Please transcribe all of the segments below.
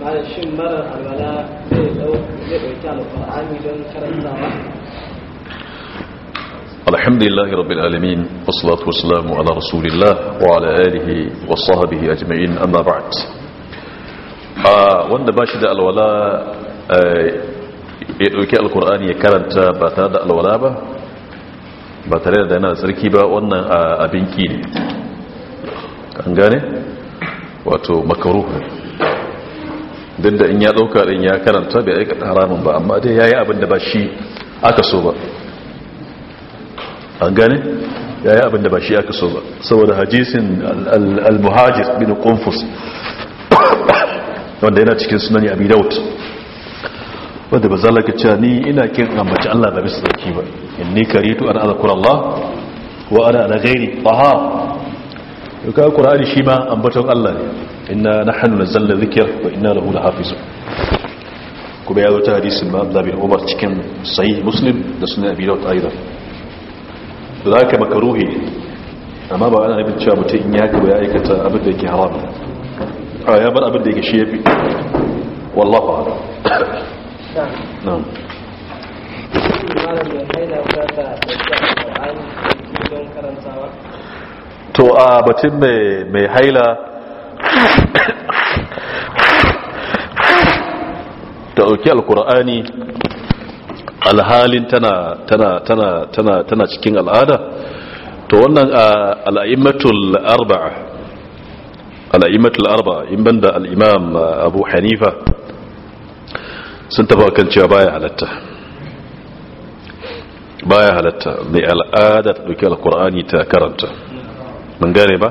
على شيء على ولا القرآن الحمد لله رب العالمين والصلاة والسلام على رسول الله وعلى آله وصحبه أجمعين أما بعد آه، وانا باش دا الولاء آه، يدوكي القرآن يكارنت باتنا دا الولاء باتنا دا نازركي با وأن آه، أبنكين أنجاني واتو مكروه duk da in ya ɗauka ɗin ya karanta bai aikata haramun ba amma dai ya yi abinda ba shi aka so ba an gane ya yi abinda ba shi aka so ba saboda hadisin al-muhajir bin kunfus wanda yana cikin sunani abi daud wanda ba zala cewa ni ina kin ambaci Allah ba bisa tsarki ba inni karitu an azkura Allah wa ana ala ghairi tahar yau kawo ƙura'ani shi ma ambaton Allah ne ina na hannu na zalla zikir wa ina lahu da hafizu kuma ya zo ta hadisin ma Abdullah bin Umar cikin sahih Muslim da sunan Abi Dawud aida da zaka makaruhi ne amma ba wani abin cewa mutum in ya gaba ya aikata abin da yake haram a ya bar abin da yake shi ya fi wallahu a'lam na'am to a batun mai haila ta ɗauki alkur'ani alhalin tana cikin al'ada to wannan al'aimatul arba'a al'aimatul arba'a in banda al'imam abu hanifa sun taba kan cewa baya halatta baya halatta mai al'ada ta ɗauki alkur'ani ta karanta mun gane ba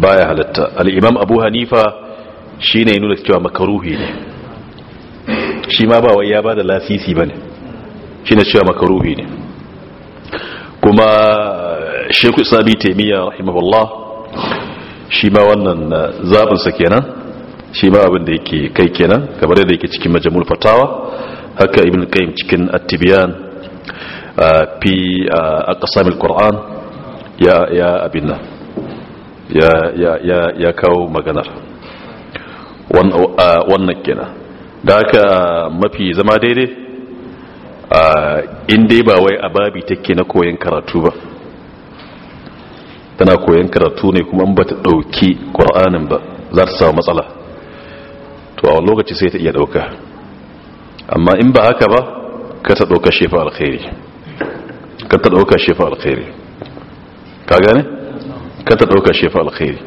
baya halatta al-imam abu hanifa shine ya nuna cewa makaruhi ne shi ma ba wai ya bada lasisi ba bane shine cewa makaruhi ne kuma sheku sabi taimiyya rahimahullah shi ma wannan uh, zabinsa kenan shi ma abin da yake kai kenan kamar yadda yake cikin majamul fatawa haka ibn qayyim cikin at-tibyan uh, fi uh, aqsamil qur'an ya ya abinna ya kawo maganar uh, wannan kenan da haka mafi zama daidai a uh, dai ba wai a babi take na koyon karatu ba tana koyon karatu ne kuma ba bata ɗauki Ƙur'anin ba za ta samu matsala to a lokaci sai ta iya ɗauka amma in ba haka ba ka ta ɗauka shefa alkhairi ka ta ɗauka shefa alkhairi ka gane? Kanta ɗauka shefa alkhairi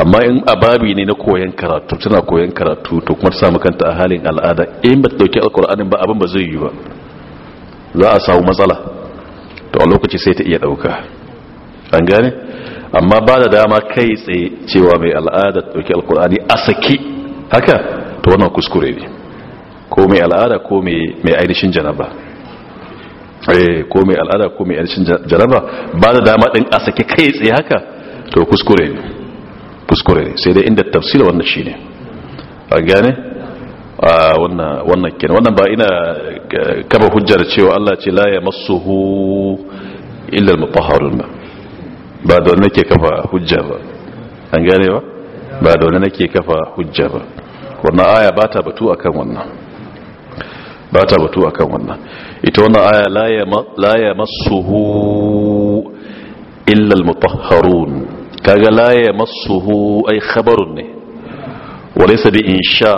amma in a babi ne na koyon karatu tana koyon karatu to kuma ta samu kanta a halin al'ada in ba ta ɗauki alkur'anin ba abin ba zai yi ba za a samu matsala to a lokaci sai ta iya ɗauka an gane amma ba da dama kai tsaye cewa mai al'ada ta ɗauki alkur'ani a saki haka to wannan kuskure ne ko mai al'ada ko mai ainihin janaba eh, ko mai al'ada ko mai ainihin jaraba ba da dama ɗin a saki kai tsaye haka to kuskure ne kuskure ne sai dai inda tafsila wannan shi ne a gane wannan kenan wannan ba ina eh, kafa hujjar cewa Allah ce la ya masuhu illa al-mutahharun ba ba da wani ke kafa hujja ba an gane ba ba da wani ke kafa hujja ba wannan aya ba ta batu akan wannan ba ta batu akan wannan ita wannan aya la ya masuhu illa al-mutahharun kaga la ya masuhu ai khabarun ne walaysa bi insha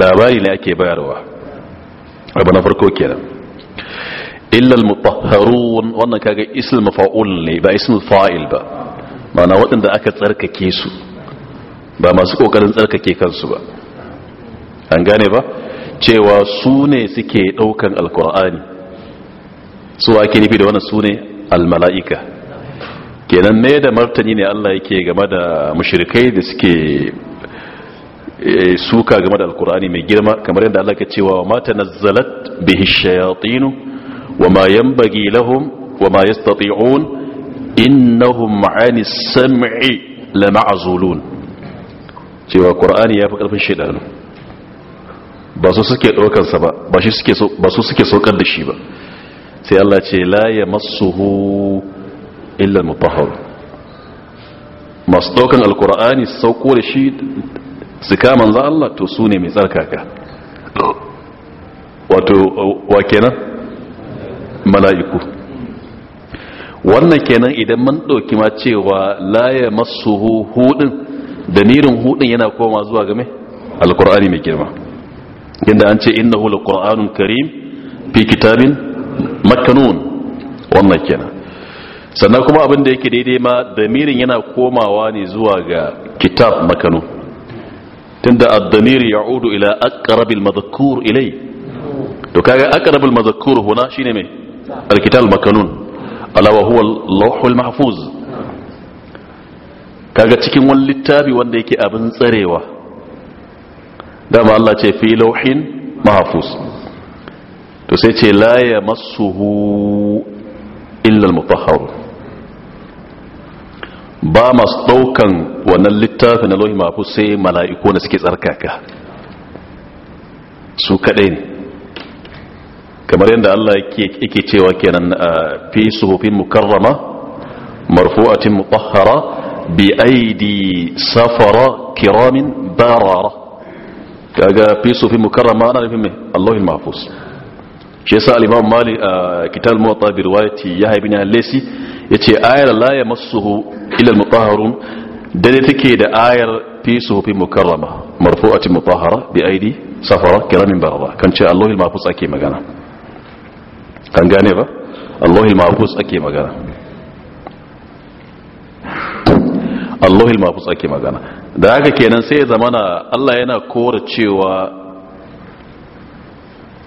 labari ne ake bayarwa abu na farko kenan illa al-mutahharun wannan kaga ism mafa'ul ne ba ism fa'il ba ma'ana waɗanda aka tsarkake su ba masu kokarin tsarkake kansu ba an gane ba cewa su ne suke daukan alkur'ani su ake nufi da wannan su ne al-mala'ika? kenan ne da martani ne Allah yake game da mushrikai da suke eh, suka game da alkur'ani mai girma kamar yadda Allah ke cewa ma tanazzalat bihi shayatin wa ma yanbaghi lahum wa ma yastati'un innahum 'anis sam'i lama'zulun cewa qur'ani yafi karfin shedanu ba su suke daukar sa ba ba shi suke ba su suke sokar da shi ba sai Allah ce la yamassuhu illa المطهر masu daukan alkur'ani su sauko da shi su kaman za Allah to su ne mala'iku wannan kenan idan man ɗauki ma cewa masuhu masu da nirin hudin yana koma zuwa game alkur'ani mai girma inda an ce innahu alkur'anun karim fi kitabin makanun wannan kenan sannan kuma abin da yake daidai ma damirin yana komawa ne zuwa ga kitab makano tunda ad-damir ya'udu ila aqrabil madhkur ilay to kaga aqrabil madhkur huna shine me al-kitab makanun ala wa huwa al-lawhul mahfuz kaga cikin wani littafi wanda yake abin tsarewa dama Allah ce fi lawhin mahfuz to sai ce la yamassuhu illa al-mutahharun ba masu ɗaukan wannan littafin na lohi mafu sai malaiko na suke tsarkaka su kaɗai ne kamar yadda Allah yake cewa kenan fi suhufin mukarrama marfu'atin mutahhara bi aidi safara kiramin barara kaga fi suhufin mukarrama ana nufin mai Allahin mahfuz shi yasa al-Imam Mali a kitab al-Muwatta bi riwayati Yahya ibn yace ayar la masu illa al-mutahharun dare take da ayar fi suhufin mukarrama marfu'atin mutahhara bi aidi safara kiramin barra kan ce Allahul mafus ake magana kan gane ba Allahul mafus ake magana Allahul mafus ake magana da haka kenan sai zamana Allah yana kora cewa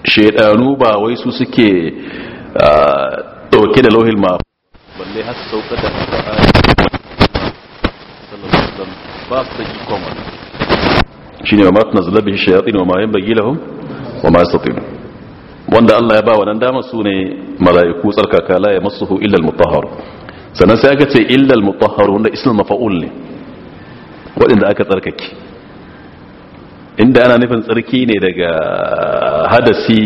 shedanu ba wai su suke ah, dauke da lohil mahfuz balle har sauka da alƙur'ani sallallahu alaihi wasallam ba su da ikon wannan shine ma tunzila bihi shayatin wa ma yanbaghi lahum wa masu yastati'un wanda Allah ya ba wa nan dama su ne mala'iku tsarkaka la yamassuhu illa al-mutahhar sannan sai aka ce illal al-mutahhar wanda ismul mafa'ul ne waɗanda aka tsarkake inda ana nufin tsarki ne daga hadasi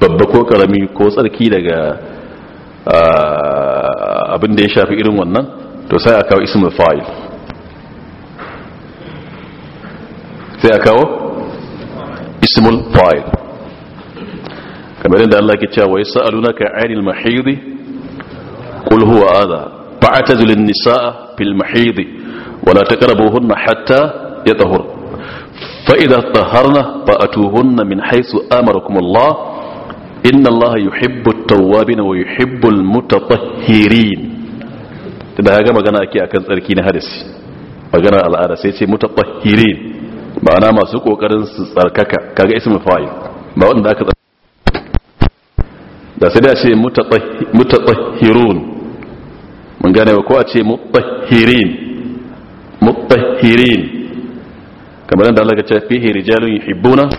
babba ko karami ko tsarki daga ah, abin da ya shafi irin wannan to sai a kawo ismul fa'il sai a kawo ismul fa'il kamar yadda Allah ke cewa ya sa'alunaka 'anil mahid qul huwa adha fa'tazilun nisaa fil mahid wa la taqrabuhunna hatta yatahur fa idha taharna fa'atuhunna min haythu amarakum Allah inna allaha yuhibbu at-tawwabin wa yuhibbu al-mutatahhirin da ga magana ake akan tsarki na hadisi magana al'ada sai ce mutatahhirin ma'ana masu kokarin su tsarkaka kaga ismu fa'il ba wanda aka da sai da ce mutatahhirun mun gane ba ko a ce mutahhirin mutahhirin kamar da Allah ya ce fihi rijalun yuhibbuna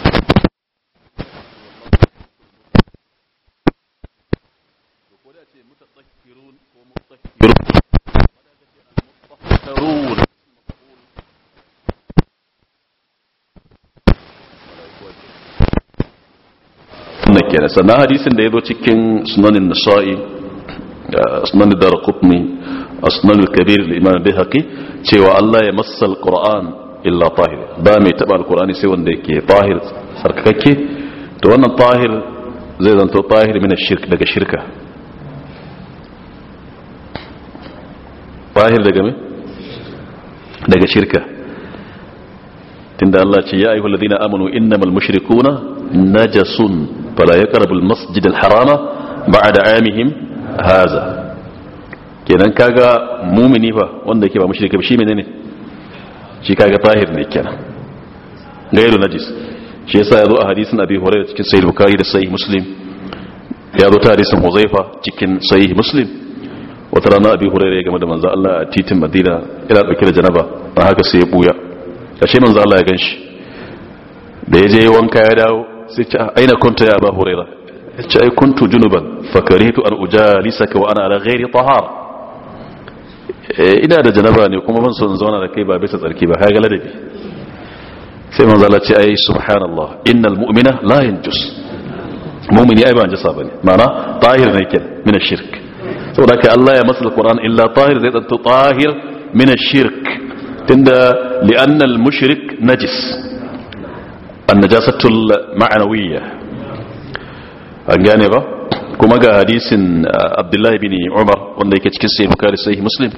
sannan hadisin da ya zo cikin sunanin nasa'i sunanin dara kufni a sunanin kabir da imam bai haƙi cewa allah ya masal ƙura'an illa tahir ba mai taɓa al alƙura'ani sai wanda yake tahir sarkakakke To wannan tahir zai zanto tahir mina daga shirka tahir daga mai daga shirka tunda allah ce ya ayyuhallazina amanu innamal mushrikuna najasun fala ya karabul masjid al-harama ba da amihim haza kenan kaga mumini fa wanda yake ba mushrika shi menene shi kaga tahir ne kenan gairu najis shi yasa yazo a hadisin abi hurairah cikin sahih bukhari da sahih muslim ya zo ta hadisin huzaifa cikin sahih muslim wata rana abi hurairah game da manzo Allah a titin madina ina dauke da janaba dan haka sai ya buya kashe manzo Allah ya ganshi da ya je wanka ya dawo أين كنت يا أبا هريرة كنت جنبا فكرهت أن أجالسك وأنا على غير طهارة إذا إيه، هذا جنباني من فنسون على كيبا بيسة الكيبا هذا لدي سيما زالتي أي سبحان الله إن المؤمن لا ينجس مؤمني أيضا أنجسا بني معنى طاهر نيكن من الشرك ولك الله يمس القرآن إلا طاهر زيت أن تطاهر من الشرك لأن المشرك نجس annajasatul ma'anawiyya an gane ba kuma ga hadisin abdullahi bin umar wanda yake cikin sai bukari sai muslim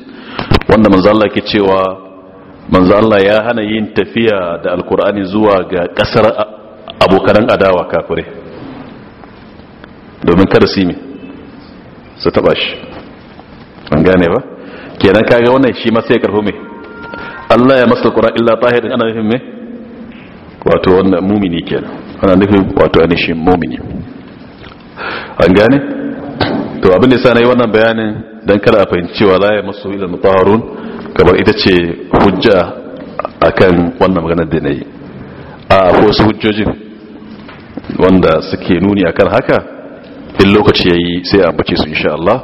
wanda manzo Allah yake cewa manzo Allah ya hana yin tafiya da alkur'ani zuwa ga kasar abokan adawa kafire domin kada su yi su taba shi an gane ba kenan kaga wannan shi ma sai karfi mai Allah ya masa alkur'ani illa tahirin ana nufin mai wato wannan mumini kenan ana nufin wato ainihin mumini an gane to abin da sanai wannan bayanin don kada a fahimci la ya masu ilan taharun kamar ita ce hujja kan wannan maganar da na yi a wasu hujjojin wanda suke nuni akan haka in lokaci yayi sai a ambace su insha Allah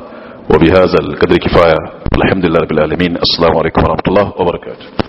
wa bi hadzal qadri kifaya alhamdulillahi rabbil alamin assalamu alaikum wa rahmatullahi